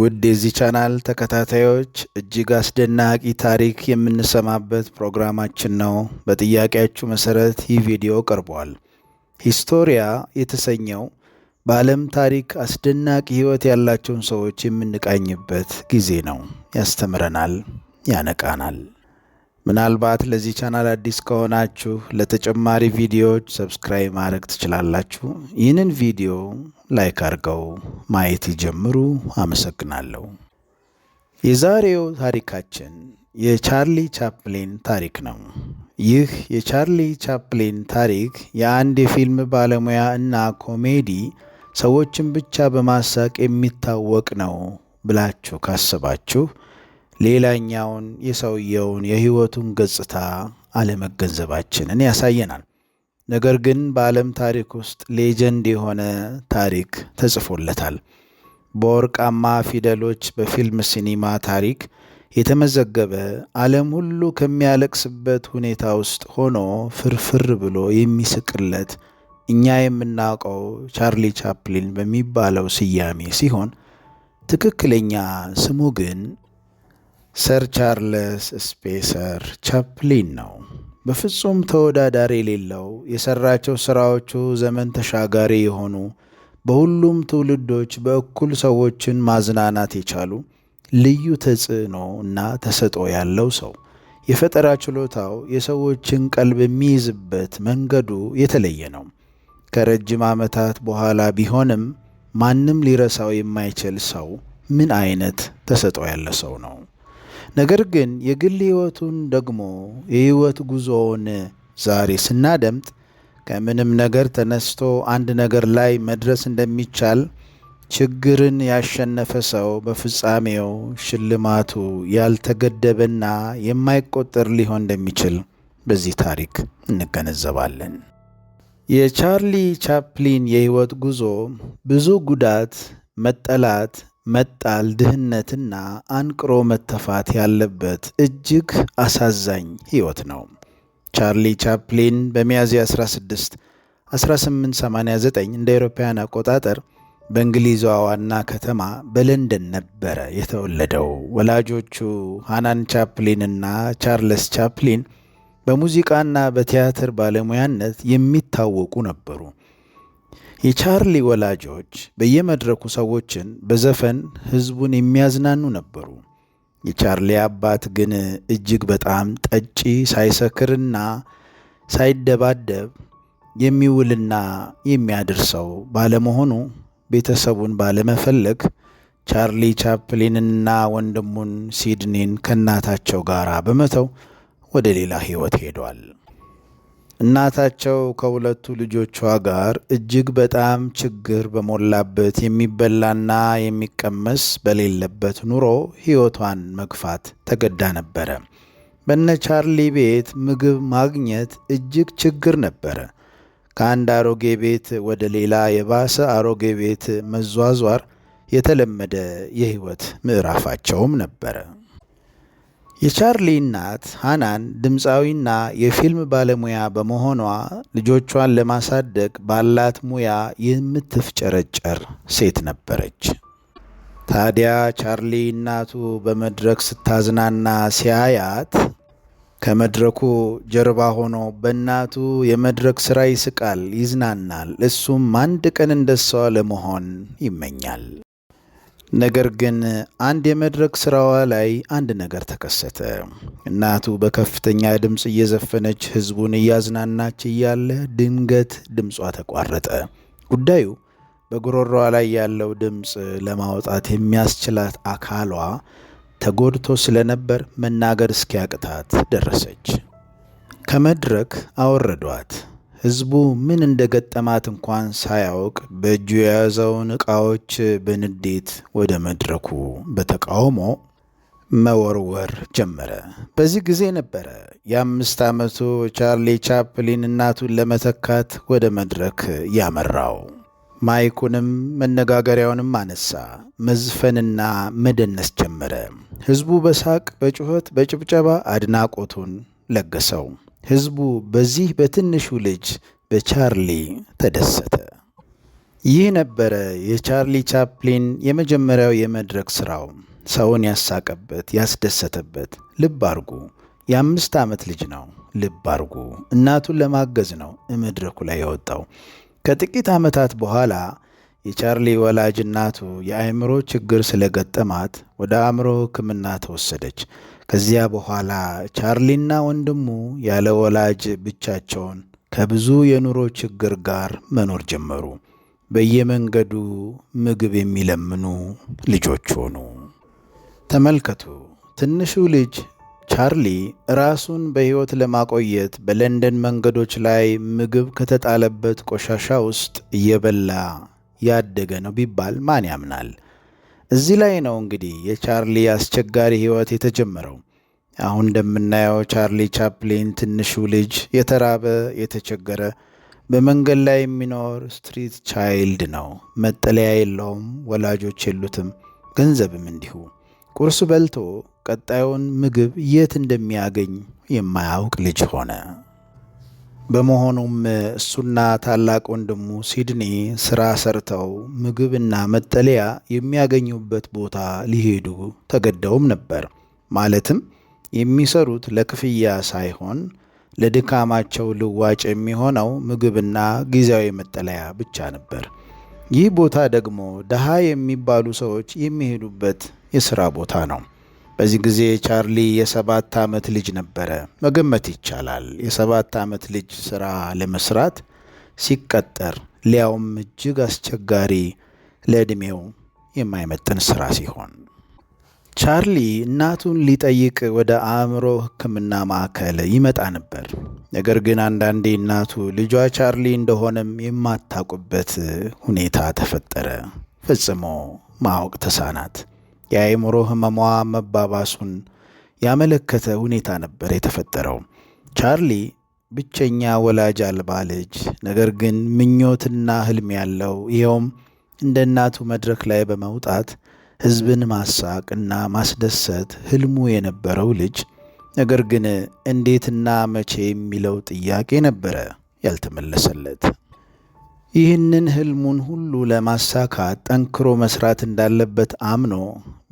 ውድ የዚህ ቻናል ተከታታዮች እጅግ አስደናቂ ታሪክ የምንሰማበት ፕሮግራማችን ነው። በጥያቄያችሁ መሰረት ይህ ቪዲዮ ቀርቧል። ሂስቶሪያ የተሰኘው በዓለም ታሪክ አስደናቂ ሕይወት ያላቸውን ሰዎች የምንቃኝበት ጊዜ ነው። ያስተምረናል፣ ያነቃናል። ምናልባት ለዚህ ቻናል አዲስ ከሆናችሁ ለተጨማሪ ቪዲዮዎች ሰብስክራይብ ማድረግ ትችላላችሁ። ይህንን ቪዲዮ ላይክ አድርገው ማየት ይጀምሩ። አመሰግናለሁ። የዛሬው ታሪካችን የቻርሊ ቻፕሊን ታሪክ ነው። ይህ የቻርሊ ቻፕሊን ታሪክ የአንድ የፊልም ባለሙያ እና ኮሜዲ ሰዎችን ብቻ በማሳቅ የሚታወቅ ነው ብላችሁ ካስባችሁ ሌላኛውን የሰውየውን የሕይወቱን ገጽታ አለመገንዘባችንን ያሳየናል። ነገር ግን በዓለም ታሪክ ውስጥ ሌጀንድ የሆነ ታሪክ ተጽፎለታል። በወርቃማ ፊደሎች በፊልም ሲኒማ ታሪክ የተመዘገበ ዓለም ሁሉ ከሚያለቅስበት ሁኔታ ውስጥ ሆኖ ፍርፍር ብሎ የሚስቅለት እኛ የምናውቀው ቻርሊ ቻፕሊን በሚባለው ስያሜ ሲሆን ትክክለኛ ስሙ ግን ሰር ቻርልስ ስፔሰር ቻፕሊን ነው። በፍጹም ተወዳዳሪ የሌለው የሠራቸው ሥራዎቹ ዘመን ተሻጋሪ የሆኑ በሁሉም ትውልዶች በእኩል ሰዎችን ማዝናናት የቻሉ ልዩ ተጽዕኖ እና ተሰጦ ያለው ሰው። የፈጠራ ችሎታው የሰዎችን ቀልብ የሚይዝበት መንገዱ የተለየ ነው። ከረጅም ዓመታት በኋላ ቢሆንም ማንም ሊረሳው የማይችል ሰው ምን አይነት ተሰጦ ያለ ሰው ነው! ነገር ግን የግል ህይወቱን ደግሞ የህይወት ጉዞውን ዛሬ ስናደምጥ ከምንም ነገር ተነስቶ አንድ ነገር ላይ መድረስ እንደሚቻል ችግርን ያሸነፈ ሰው በፍጻሜው ሽልማቱ ያልተገደበና የማይቆጠር ሊሆን እንደሚችል በዚህ ታሪክ እንገነዘባለን። የቻርሊ ቻፕሊን የህይወት ጉዞ ብዙ ጉዳት፣ መጠላት፣ መጣል ድህነትና አንቅሮ መተፋት ያለበት እጅግ አሳዛኝ ሕይወት ነው። ቻርሊ ቻፕሊን በሚያዝያ 16 1889 እንደ አውሮፓውያን አቆጣጠር በእንግሊዟ ዋና ከተማ በለንደን ነበረ የተወለደው። ወላጆቹ ሃናን ቻፕሊንና ቻርለስ ቻፕሊን በሙዚቃና በቲያትር ባለሙያነት የሚታወቁ ነበሩ። የቻርሊ ወላጆች በየመድረኩ ሰዎችን በዘፈን ሕዝቡን የሚያዝናኑ ነበሩ። የቻርሊ አባት ግን እጅግ በጣም ጠጪ፣ ሳይሰክርና ሳይደባደብ የሚውልና የሚያድር ሰው ባለመሆኑ ቤተሰቡን ባለመፈለግ ቻርሊ ቻፕሊንና ወንድሙን ሲድኒን ከእናታቸው ጋር በመተው ወደ ሌላ ሕይወት ሄዷል። እናታቸው ከሁለቱ ልጆቿ ጋር እጅግ በጣም ችግር በሞላበት የሚበላና የሚቀመስ በሌለበት ኑሮ ሕይወቷን መግፋት ተገዳ ነበረ። በነ ቻርሊ ቤት ምግብ ማግኘት እጅግ ችግር ነበረ። ከአንድ አሮጌ ቤት ወደ ሌላ የባሰ አሮጌ ቤት መዟዟር የተለመደ የሕይወት ምዕራፋቸውም ነበረ። የቻርሊ እናት ሃናን ድምፃዊና የፊልም ባለሙያ በመሆኗ ልጆቿን ለማሳደግ ባላት ሙያ የምትፍጨረጨር ሴት ነበረች። ታዲያ ቻርሊ እናቱ በመድረክ ስታዝናና ሲያያት ከመድረኩ ጀርባ ሆኖ በእናቱ የመድረክ ስራ ይስቃል፣ ይዝናናል። እሱም አንድ ቀን እንደሷ ለመሆን ይመኛል። ነገር ግን አንድ የመድረክ ስራዋ ላይ አንድ ነገር ተከሰተ። እናቱ በከፍተኛ ድምፅ እየዘፈነች ህዝቡን እያዝናናች እያለ ድንገት ድምጿ ተቋረጠ። ጉዳዩ በጉሮሮዋ ላይ ያለው ድምፅ ለማውጣት የሚያስችላት አካሏ ተጎድቶ ስለነበር መናገር እስኪያቅታት ደረሰች። ከመድረክ አወረዷት። ህዝቡ ምን እንደገጠማት እንኳን ሳያውቅ በእጁ የያዘውን ዕቃዎች በንዴት ወደ መድረኩ በተቃውሞ መወርወር ጀመረ። በዚህ ጊዜ ነበረ የአምስት ዓመቱ ቻርሊ ቻፕሊን እናቱን ለመተካት ወደ መድረክ ያመራው። ማይኩንም መነጋገሪያውንም አነሳ። መዝፈንና መደነስ ጀመረ። ህዝቡ በሳቅ በጩኸት በጭብጨባ አድናቆቱን ለገሰው። ህዝቡ በዚህ በትንሹ ልጅ በቻርሊ ተደሰተ። ይህ ነበረ የቻርሊ ቻፕሊን የመጀመሪያው የመድረክ ሥራው። ሰውን ያሳቀበት፣ ያስደሰተበት። ልብ አርጉ፣ የአምስት ዓመት ልጅ ነው። ልብ አርጉ፣ እናቱን ለማገዝ ነው መድረኩ ላይ የወጣው። ከጥቂት ዓመታት በኋላ የቻርሊ ወላጅ እናቱ የአእምሮ ችግር ስለገጠማት ወደ አእምሮ ሕክምና ተወሰደች። ከዚያ በኋላ ቻርሊና ወንድሙ ያለ ወላጅ ብቻቸውን ከብዙ የኑሮ ችግር ጋር መኖር ጀመሩ። በየመንገዱ ምግብ የሚለምኑ ልጆች ሆኑ። ተመልከቱ፣ ትንሹ ልጅ ቻርሊ ራሱን በሕይወት ለማቆየት በለንደን መንገዶች ላይ ምግብ ከተጣለበት ቆሻሻ ውስጥ እየበላ ያደገ ነው ቢባል ማን ያምናል? እዚህ ላይ ነው እንግዲህ የቻርሊ አስቸጋሪ ህይወት የተጀመረው። አሁን እንደምናየው ቻርሊ ቻፕሊን ትንሹ ልጅ የተራበ የተቸገረ በመንገድ ላይ የሚኖር ስትሪት ቻይልድ ነው። መጠለያ የለውም፣ ወላጆች የሉትም፣ ገንዘብም እንዲሁ። ቁርስ በልቶ ቀጣዩን ምግብ የት እንደሚያገኝ የማያውቅ ልጅ ሆነ። በመሆኑም እሱና ታላቅ ወንድሙ ሲድኒ ስራ ሰርተው ምግብና መጠለያ የሚያገኙበት ቦታ ሊሄዱ ተገደውም ነበር። ማለትም የሚሰሩት ለክፍያ ሳይሆን ለድካማቸው ልዋጭ የሚሆነው ምግብና ጊዜያዊ መጠለያ ብቻ ነበር። ይህ ቦታ ደግሞ ድሃ የሚባሉ ሰዎች የሚሄዱበት የሥራ ቦታ ነው። በዚህ ጊዜ ቻርሊ የሰባት ዓመት ልጅ ነበረ። መገመት ይቻላል የሰባት ዓመት ልጅ ሥራ ለመስራት ሲቀጠር ሊያውም እጅግ አስቸጋሪ ለዕድሜው የማይመጥን ሥራ ሲሆን ቻርሊ እናቱን ሊጠይቅ ወደ አእምሮ ሕክምና ማዕከል ይመጣ ነበር። ነገር ግን አንዳንዴ እናቱ ልጇ ቻርሊ እንደሆነም የማታውቁበት ሁኔታ ተፈጠረ። ፈጽሞ ማወቅ ተሳናት። የአእምሮ ህመሟ መባባሱን ያመለከተ ሁኔታ ነበር የተፈጠረው። ቻርሊ ብቸኛ ወላጅ አልባ ልጅ፣ ነገር ግን ምኞትና ህልም ያለው ይኸውም እንደ እናቱ መድረክ ላይ በመውጣት ህዝብን ማሳቅ እና ማስደሰት ህልሙ የነበረው ልጅ፣ ነገር ግን እንዴትና መቼ የሚለው ጥያቄ ነበረ ያልተመለሰለት። ይህንን ህልሙን ሁሉ ለማሳካት ጠንክሮ መስራት እንዳለበት አምኖ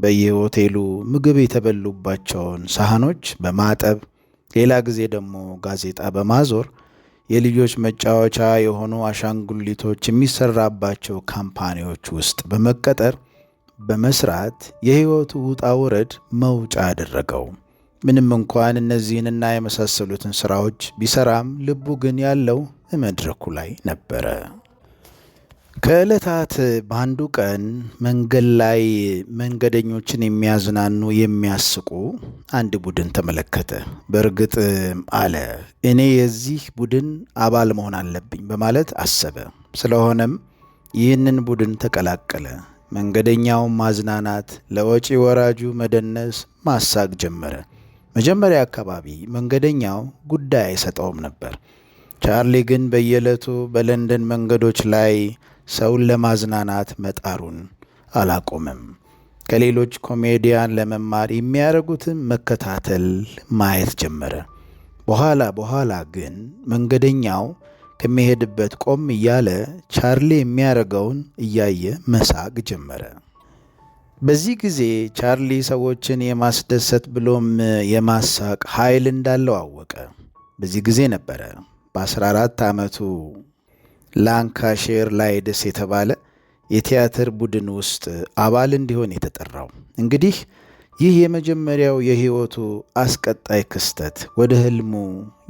በየሆቴሉ ምግብ የተበሉባቸውን ሳህኖች በማጠብ ሌላ ጊዜ ደግሞ ጋዜጣ በማዞር የልጆች መጫወቻ የሆኑ አሻንጉሊቶች የሚሰራባቸው ካምፓኒዎች ውስጥ በመቀጠር በመስራት የህይወቱ ውጣ ውረድ መውጫ አደረገው። ምንም እንኳን እነዚህንና የመሳሰሉትን ስራዎች ቢሰራም ልቡ ግን ያለው መድረኩ ላይ ነበረ። ከዕለታት በአንዱ ቀን መንገድ ላይ መንገደኞችን የሚያዝናኑ የሚያስቁ አንድ ቡድን ተመለከተ። በእርግጥ አለ እኔ የዚህ ቡድን አባል መሆን አለብኝ በማለት አሰበ። ስለሆነም ይህንን ቡድን ተቀላቀለ። መንገደኛውን ማዝናናት፣ ለወጪ ወራጁ መደነስ፣ ማሳቅ ጀመረ። መጀመሪያ አካባቢ መንገደኛው ጉዳይ አይሰጠውም ነበር። ቻርሊ ግን በየዕለቱ በለንደን መንገዶች ላይ ሰውን ለማዝናናት መጣሩን አላቆምም። ከሌሎች ኮሜዲያን ለመማር የሚያደርጉትን መከታተል ማየት ጀመረ። በኋላ በኋላ ግን መንገደኛው ከሚሄድበት ቆም እያለ ቻርሊ የሚያደርገውን እያየ መሳቅ ጀመረ። በዚህ ጊዜ ቻርሊ ሰዎችን የማስደሰት ብሎም የማሳቅ ኃይል እንዳለው አወቀ። በዚህ ጊዜ ነበረ በ14 ዓመቱ ላንካሼር ላይድስ የተባለ የቲያትር ቡድን ውስጥ አባል እንዲሆን የተጠራው። እንግዲህ ይህ የመጀመሪያው የህይወቱ አስቀጣይ ክስተት ወደ ህልሙ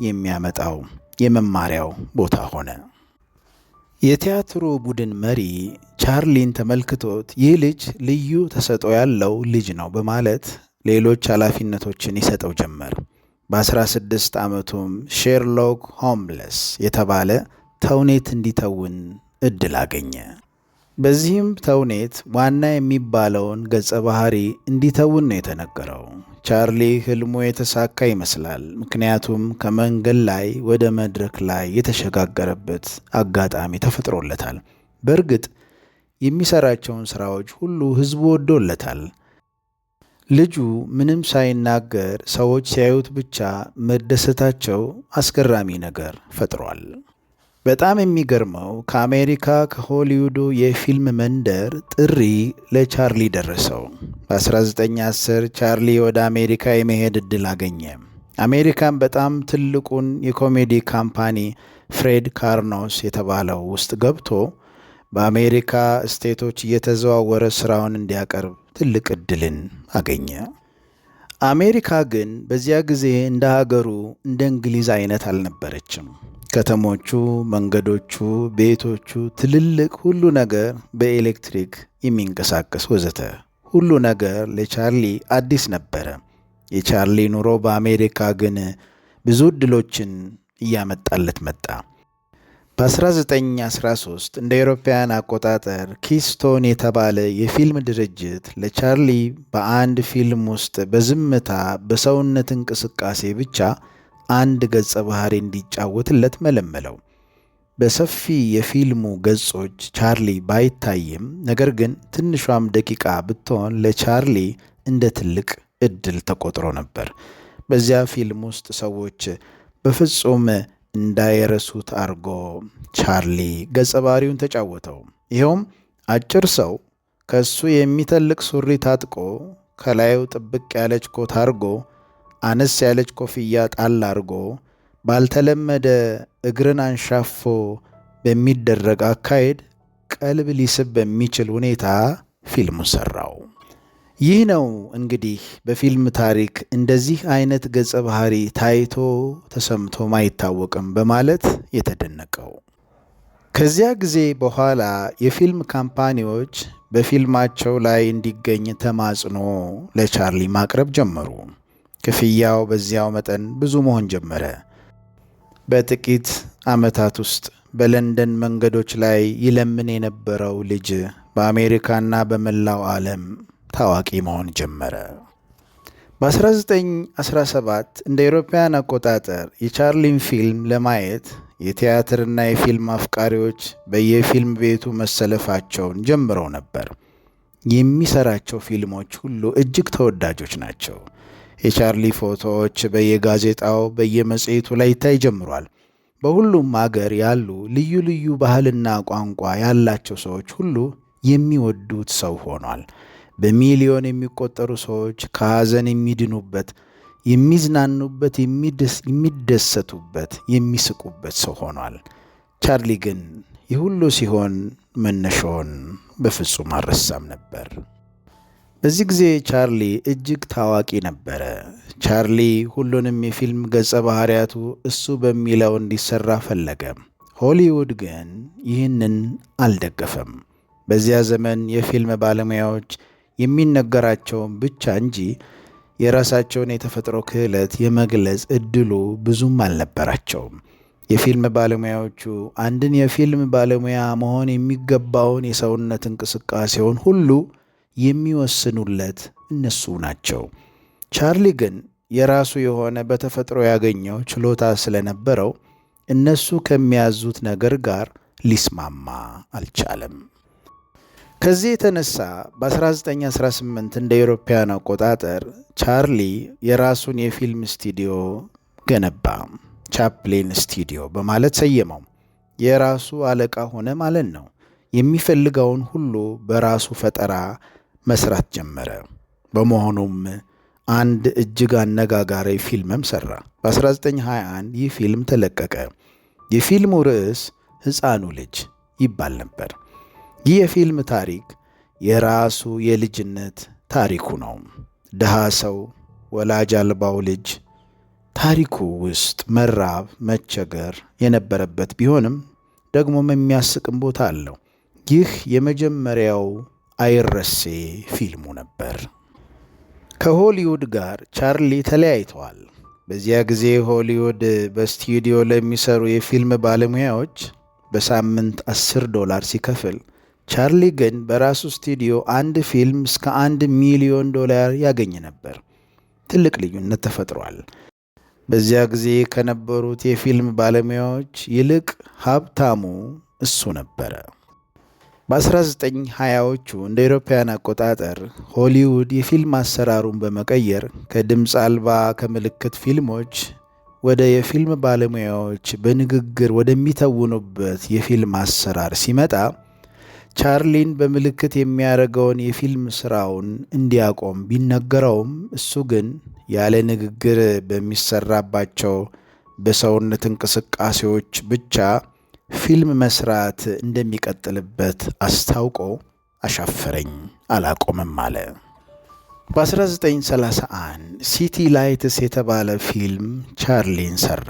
የሚያመጣው የመማሪያው ቦታ ሆነ። የቲያትሩ ቡድን መሪ ቻርሊን ተመልክቶት ይህ ልጅ ልዩ ተሰጥኦ ያለው ልጅ ነው በማለት ሌሎች ኃላፊነቶችን ይሰጠው ጀመር። በ16 ዓመቱም ሼርሎክ ሆምለስ የተባለ ተውኔት እንዲተውን እድል አገኘ። በዚህም ተውኔት ዋና የሚባለውን ገጸ ባህሪ እንዲተውን ነው የተነገረው። ቻርሊ ህልሙ የተሳካ ይመስላል። ምክንያቱም ከመንገድ ላይ ወደ መድረክ ላይ የተሸጋገረበት አጋጣሚ ተፈጥሮለታል። በእርግጥ የሚሰራቸውን ስራዎች ሁሉ ህዝቡ ወዶለታል። ልጁ ምንም ሳይናገር ሰዎች ሲያዩት ብቻ መደሰታቸው አስገራሚ ነገር ፈጥሯል። በጣም የሚገርመው ከአሜሪካ ከሆሊውዱ የፊልም መንደር ጥሪ ለቻርሊ ደረሰው። በ1910 ቻርሊ ወደ አሜሪካ የመሄድ ዕድል አገኘ። አሜሪካን በጣም ትልቁን የኮሜዲ ካምፓኒ ፍሬድ ካርኖስ የተባለው ውስጥ ገብቶ በአሜሪካ ስቴቶች እየተዘዋወረ ስራውን እንዲያቀርብ ትልቅ እድልን አገኘ። አሜሪካ ግን በዚያ ጊዜ እንደ ሀገሩ እንደ እንግሊዝ አይነት አልነበረችም። ከተሞቹ፣ መንገዶቹ፣ ቤቶቹ ትልልቅ፣ ሁሉ ነገር በኤሌክትሪክ የሚንቀሳቀስ ወዘተ፣ ሁሉ ነገር ለቻርሊ አዲስ ነበረ። የቻርሊ ኑሮ በአሜሪካ ግን ብዙ እድሎችን እያመጣለት መጣ። በ1913 እንደ አውሮፓውያን አቆጣጠር ኪስቶን የተባለ የፊልም ድርጅት ለቻርሊ በአንድ ፊልም ውስጥ በዝምታ በሰውነት እንቅስቃሴ ብቻ አንድ ገጸ ባህሪ እንዲጫወትለት መለመለው። በሰፊ የፊልሙ ገጾች ቻርሊ ባይታይም፣ ነገር ግን ትንሿም ደቂቃ ብትሆን ለቻርሊ እንደ ትልቅ እድል ተቆጥሮ ነበር። በዚያ ፊልም ውስጥ ሰዎች በፍጹም እንዳይረሱት አድርጎ ቻርሊ ገጸ ባህሪውን ተጫወተው። ይኸውም አጭር ሰው ከእሱ የሚተልቅ ሱሪ ታጥቆ ከላዩ ጥብቅ ያለች ኮት አድርጎ አነስ ያለች ኮፍያ ጣል አድርጎ ባልተለመደ እግርን አንሻፎ በሚደረግ አካሄድ ቀልብ ሊስብ በሚችል ሁኔታ ፊልሙ ሰራው። ይህ ነው እንግዲህ በፊልም ታሪክ እንደዚህ አይነት ገጸ ባህሪ ታይቶ ተሰምቶም አይታወቅም በማለት የተደነቀው። ከዚያ ጊዜ በኋላ የፊልም ካምፓኒዎች በፊልማቸው ላይ እንዲገኝ ተማጽኖ ለቻርሊ ማቅረብ ጀመሩ። ክፍያው በዚያው መጠን ብዙ መሆን ጀመረ። በጥቂት ዓመታት ውስጥ በለንደን መንገዶች ላይ ይለምን የነበረው ልጅ በአሜሪካና በመላው ዓለም ታዋቂ መሆን ጀመረ። በ1917 እንደ አውሮፓውያን አቆጣጠር የቻርሊን ፊልም ለማየት የቲያትርና የፊልም አፍቃሪዎች በየፊልም ቤቱ መሰለፋቸውን ጀምረው ነበር። የሚሰራቸው ፊልሞች ሁሉ እጅግ ተወዳጆች ናቸው። የቻርሊ ፎቶዎች በየጋዜጣው በየመጽሔቱ ላይ ይታይ ጀምሯል። በሁሉም አገር ያሉ ልዩ ልዩ ባህልና ቋንቋ ያላቸው ሰዎች ሁሉ የሚወዱት ሰው ሆኗል። በሚሊዮን የሚቆጠሩ ሰዎች ከሐዘን የሚድኑበት፣ የሚዝናኑበት፣ የሚደሰቱበት፣ የሚስቁበት ሰው ሆኗል። ቻርሊ ግን ይህ ሁሉ ሲሆን መነሻውን በፍጹም አልረሳም ነበር። በዚህ ጊዜ ቻርሊ እጅግ ታዋቂ ነበረ። ቻርሊ ሁሉንም የፊልም ገጸ ባህሪያቱ እሱ በሚለው እንዲሰራ ፈለገ። ሆሊውድ ግን ይህንን አልደገፈም። በዚያ ዘመን የፊልም ባለሙያዎች የሚነገራቸውን ብቻ እንጂ የራሳቸውን የተፈጥሮ ክህለት የመግለጽ እድሉ ብዙም አልነበራቸውም። የፊልም ባለሙያዎቹ አንድን የፊልም ባለሙያ መሆን የሚገባውን የሰውነት እንቅስቃሴውን ሁሉ የሚወስኑለት እነሱ ናቸው። ቻርሊ ግን የራሱ የሆነ በተፈጥሮ ያገኘው ችሎታ ስለነበረው እነሱ ከሚያዙት ነገር ጋር ሊስማማ አልቻለም። ከዚህ የተነሳ በ1918 እንደ አውሮፓውያን አቆጣጠር ቻርሊ የራሱን የፊልም ስቱዲዮ ገነባ። ቻፕሊን ስቱዲዮ በማለት ሰየመው። የራሱ አለቃ ሆነ ማለት ነው። የሚፈልገውን ሁሉ በራሱ ፈጠራ መስራት ጀመረ። በመሆኑም አንድ እጅግ አነጋጋሪ ፊልምም ሰራ። በ1921 ይህ ፊልም ተለቀቀ። የፊልሙ ርዕስ ሕፃኑ ልጅ ይባል ነበር። ይህ የፊልም ታሪክ የራሱ የልጅነት ታሪኩ ነው። ድሃ ሰው፣ ወላጅ አልባው ልጅ ታሪኩ ውስጥ መራብ፣ መቸገር የነበረበት ቢሆንም ደግሞም የሚያስቅም ቦታ አለው። ይህ የመጀመሪያው አይረሴ ፊልሙ ነበር። ከሆሊውድ ጋር ቻርሊ ተለያይተዋል። በዚያ ጊዜ ሆሊውድ በስቱዲዮ ለሚሰሩ የፊልም ባለሙያዎች በሳምንት 10 ዶላር ሲከፍል ቻርሊ ግን በራሱ ስቱዲዮ አንድ ፊልም እስከ አንድ ሚሊዮን ዶላር ያገኝ ነበር። ትልቅ ልዩነት ተፈጥሯል። በዚያ ጊዜ ከነበሩት የፊልም ባለሙያዎች ይልቅ ሀብታሙ እሱ ነበረ። በ1920ዎቹ እንደ አውሮፓውያን አቆጣጠር ሆሊውድ የፊልም አሰራሩን በመቀየር ከድምፅ አልባ ከምልክት ፊልሞች ወደ የፊልም ባለሙያዎች በንግግር ወደሚተውኑበት የፊልም አሰራር ሲመጣ ቻርሊን በምልክት የሚያደርገውን የፊልም ስራውን እንዲያቆም ቢነገረውም እሱ ግን ያለ ንግግር በሚሰራባቸው በሰውነት እንቅስቃሴዎች ብቻ ፊልም መስራት እንደሚቀጥልበት አስታውቆ አሻፈረኝ፣ አላቆምም አለ። በ1931 ሲቲ ላይትስ የተባለ ፊልም ቻርሊን ሰራ።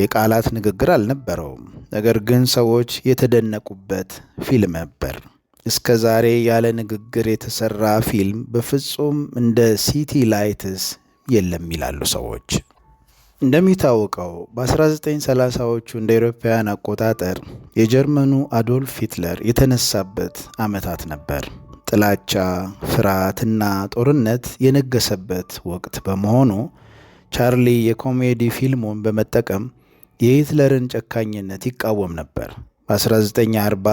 የቃላት ንግግር አልነበረውም፣ ነገር ግን ሰዎች የተደነቁበት ፊልም ነበር። እስከ ዛሬ ያለ ንግግር የተሰራ ፊልም በፍጹም እንደ ሲቲ ላይትስ የለም ይላሉ ሰዎች። እንደሚታወቀው በ1930ዎቹ እንደ አውሮፓውያን አቆጣጠር የጀርመኑ አዶልፍ ሂትለር የተነሳበት ዓመታት ነበር። ጥላቻ፣ ፍርሃትና ጦርነት የነገሰበት ወቅት በመሆኑ ቻርሊ የኮሜዲ ፊልሙን በመጠቀም የሂትለርን ጨካኝነት ይቃወም ነበር። በ1940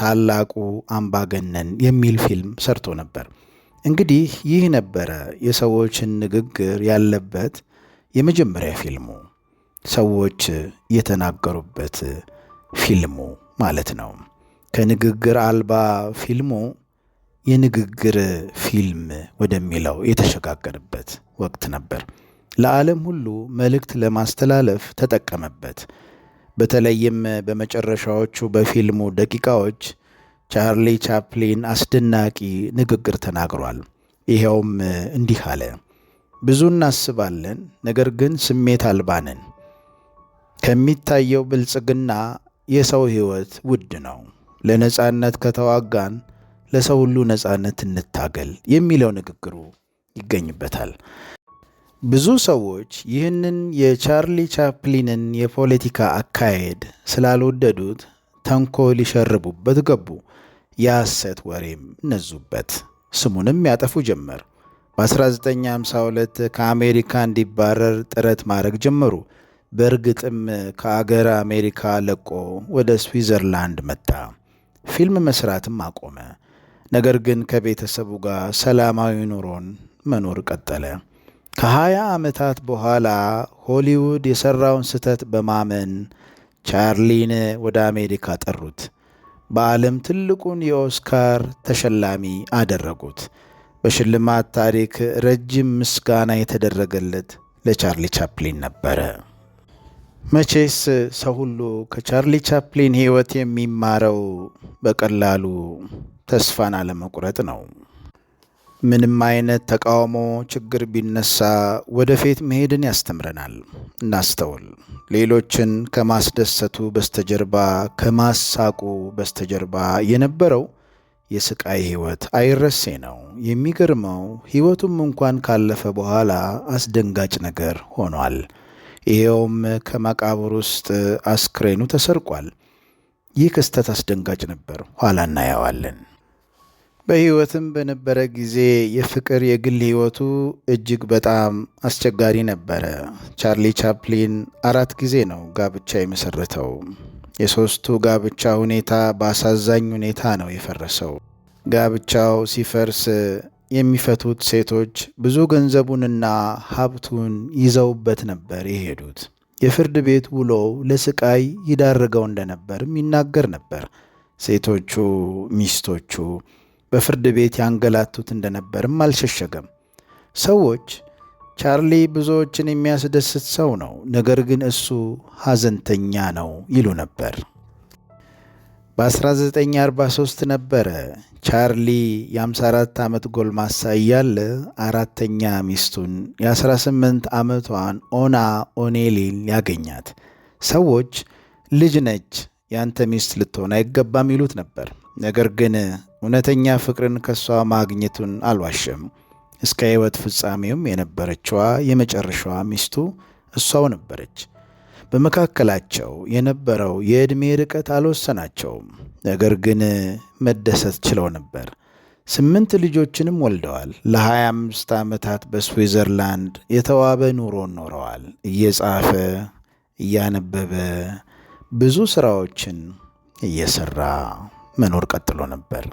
ታላቁ አምባገነን የሚል ፊልም ሰርቶ ነበር። እንግዲህ ይህ ነበረ የሰዎችን ንግግር ያለበት የመጀመሪያ ፊልሙ፣ ሰዎች የተናገሩበት ፊልሙ ማለት ነው። ከንግግር አልባ ፊልሙ የንግግር ፊልም ወደሚለው የተሸጋገረበት ወቅት ነበር። ለዓለም ሁሉ መልእክት ለማስተላለፍ ተጠቀመበት። በተለይም በመጨረሻዎቹ በፊልሙ ደቂቃዎች ቻርሊ ቻፕሊን አስደናቂ ንግግር ተናግሯል። ይኸውም እንዲህ አለ። ብዙ እናስባለን፣ ነገር ግን ስሜት አልባንን። ከሚታየው ብልጽግና የሰው ሕይወት ውድ ነው። ለነጻነት ከተዋጋን ለሰው ሁሉ ነፃነት እንታገል የሚለው ንግግሩ ይገኝበታል። ብዙ ሰዎች ይህንን የቻርሊ ቻፕሊንን የፖለቲካ አካሄድ ስላልወደዱት ተንኮ ሊሸርቡበት ገቡ። የሐሰት ወሬም ነዙበት፣ ስሙንም ያጠፉ ጀመር። በ1952 ከአሜሪካ እንዲባረር ጥረት ማድረግ ጀመሩ። በእርግጥም ከአገር አሜሪካ ለቆ ወደ ስዊዘርላንድ መጣ። ፊልም መስራትም አቆመ። ነገር ግን ከቤተሰቡ ጋር ሰላማዊ ኑሮን መኖር ቀጠለ። ከሀያ ዓመታት በኋላ ሆሊውድ የሠራውን ስህተት በማመን ቻርሊን ወደ አሜሪካ ጠሩት። በዓለም ትልቁን የኦስካር ተሸላሚ አደረጉት። በሽልማት ታሪክ ረጅም ምስጋና የተደረገለት ለቻርሊ ቻፕሊን ነበረ። መቼስ ሰው ሁሉ ከቻርሊ ቻፕሊን ሕይወት የሚማረው በቀላሉ ተስፋን አለመቁረጥ ነው። ምንም አይነት ተቃውሞ፣ ችግር ቢነሳ ወደፊት መሄድን ያስተምረናል። እናስተውል። ሌሎችን ከማስደሰቱ በስተጀርባ ከማሳቁ በስተጀርባ የነበረው የስቃይ ሕይወት አይረሴ ነው። የሚገርመው ህይወቱም እንኳን ካለፈ በኋላ አስደንጋጭ ነገር ሆኗል። ይኸውም ከመቃብር ውስጥ አስክሬኑ ተሰርቋል። ይህ ክስተት አስደንጋጭ ነበር። ኋላ እናየዋለን። በሕይወትም በነበረ ጊዜ የፍቅር የግል ሕይወቱ እጅግ በጣም አስቸጋሪ ነበረ። ቻርሊ ቻፕሊን አራት ጊዜ ነው ጋብቻ የመሰረተው። የሦስቱ ጋብቻ ሁኔታ በአሳዛኝ ሁኔታ ነው የፈረሰው። ጋብቻው ሲፈርስ የሚፈቱት ሴቶች ብዙ ገንዘቡንና ሀብቱን ይዘውበት ነበር የሄዱት። የፍርድ ቤት ውሎው ለስቃይ ይዳርገው እንደነበርም ይናገር ነበር። ሴቶቹ ሚስቶቹ በፍርድ ቤት ያንገላቱት እንደነበርም አልሸሸገም። ሰዎች ቻርሊ ብዙዎችን የሚያስደስት ሰው ነው፣ ነገር ግን እሱ ሐዘንተኛ ነው ይሉ ነበር። በ1943 ነበረ ቻርሊ የ54 ዓመት ጎልማሳ እያለ አራተኛ ሚስቱን የ18 ዓመቷን ኦና ኦኔሊን ያገኛት። ሰዎች ልጅ ነች፣ ያንተ ሚስት ልትሆን አይገባም ይሉት ነበር። ነገር ግን እውነተኛ ፍቅርን ከሷ ማግኘቱን አልዋሸም። እስከ ሕይወት ፍጻሜውም የነበረችዋ የመጨረሻዋ ሚስቱ እሷው ነበረች። በመካከላቸው የነበረው የዕድሜ ርቀት አልወሰናቸውም። ነገር ግን መደሰት ችለው ነበር። ስምንት ልጆችንም ወልደዋል። ለ25 ዓመታት በስዊዘርላንድ የተዋበ ኑሮን ኖረዋል። እየጻፈ እያነበበ ብዙ ሥራዎችን እየሠራ መኖር ቀጥሎ ነበር።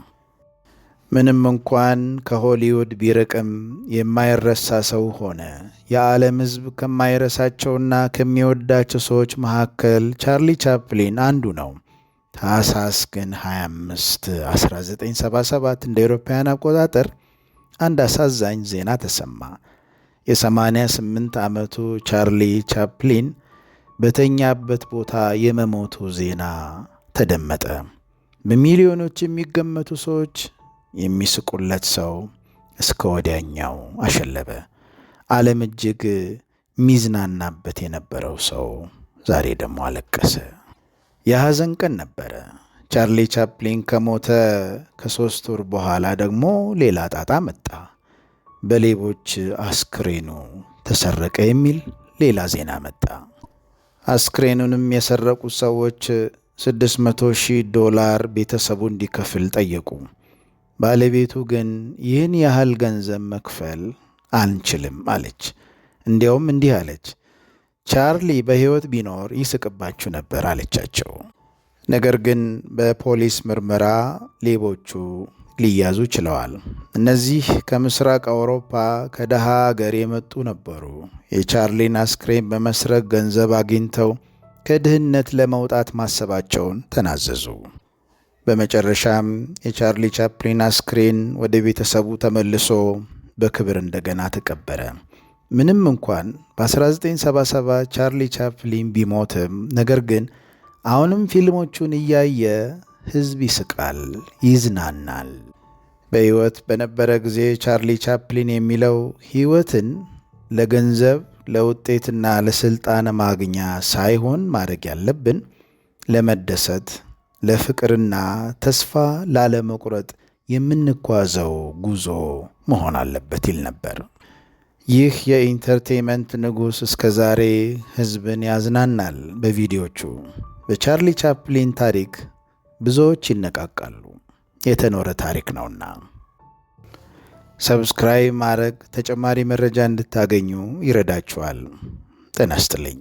ምንም እንኳን ከሆሊውድ ቢርቅም የማይረሳ ሰው ሆነ። የዓለም ሕዝብ ከማይረሳቸውና ከሚወዳቸው ሰዎች መካከል ቻርሊ ቻፕሊን አንዱ ነው። ታህሳስ ግን 25 1977 እንደ አውሮፓውያን አቆጣጠር አንድ አሳዛኝ ዜና ተሰማ። የ88 ዓመቱ ቻርሊ ቻፕሊን በተኛበት ቦታ የመሞቱ ዜና ተደመጠ። በሚሊዮኖች የሚገመቱ ሰዎች የሚስቁለት ሰው እስከ ወዲያኛው አሸለበ። ዓለም እጅግ ሚዝናናበት የነበረው ሰው ዛሬ ደግሞ አለቀሰ። የሐዘን ቀን ነበረ። ቻርሊ ቻፕሊን ከሞተ ከሦስት ወር በኋላ ደግሞ ሌላ ጣጣ መጣ። በሌቦች አስክሬኑ ተሰረቀ የሚል ሌላ ዜና መጣ። አስክሬኑንም የሰረቁት ሰዎች 600 ሺህ ዶላር ቤተሰቡ እንዲከፍል ጠየቁ። ባለቤቱ ግን ይህን ያህል ገንዘብ መክፈል አንችልም አለች። እንዲያውም እንዲህ አለች፣ ቻርሊ በሕይወት ቢኖር ይስቅባችሁ ነበር አለቻቸው። ነገር ግን በፖሊስ ምርመራ ሌቦቹ ሊያዙ ችለዋል። እነዚህ ከምስራቅ አውሮፓ ከደሃ አገር የመጡ ነበሩ። የቻርሊን አስክሬን በመስረቅ ገንዘብ አግኝተው ከድህነት ለመውጣት ማሰባቸውን ተናዘዙ። በመጨረሻም የቻርሊ ቻፕሊን አስክሬን ወደ ቤተሰቡ ተመልሶ በክብር እንደገና ተቀበረ። ምንም እንኳን በ1977 ቻርሊ ቻፕሊን ቢሞትም ነገር ግን አሁንም ፊልሞቹን እያየ ሕዝብ ይስቃል፣ ይዝናናል። በሕይወት በነበረ ጊዜ ቻርሊ ቻፕሊን የሚለው ሕይወትን ለገንዘብ ለውጤትና ለሥልጣን ማግኛ ሳይሆን ማድረግ ያለብን ለመደሰት ለፍቅርና ተስፋ ላለመቁረጥ የምንጓዘው ጉዞ መሆን አለበት ይል ነበር። ይህ የኢንተርቴንመንት ንጉሥ እስከ ዛሬ ሕዝብን ያዝናናል በቪዲዮቹ። በቻርሊ ቻፕሊን ታሪክ ብዙዎች ይነቃቃሉ፣ የተኖረ ታሪክ ነውና። ሰብስክራይብ ማድረግ ተጨማሪ መረጃ እንድታገኙ ይረዳችኋል። ጤና ይስጥልኝ።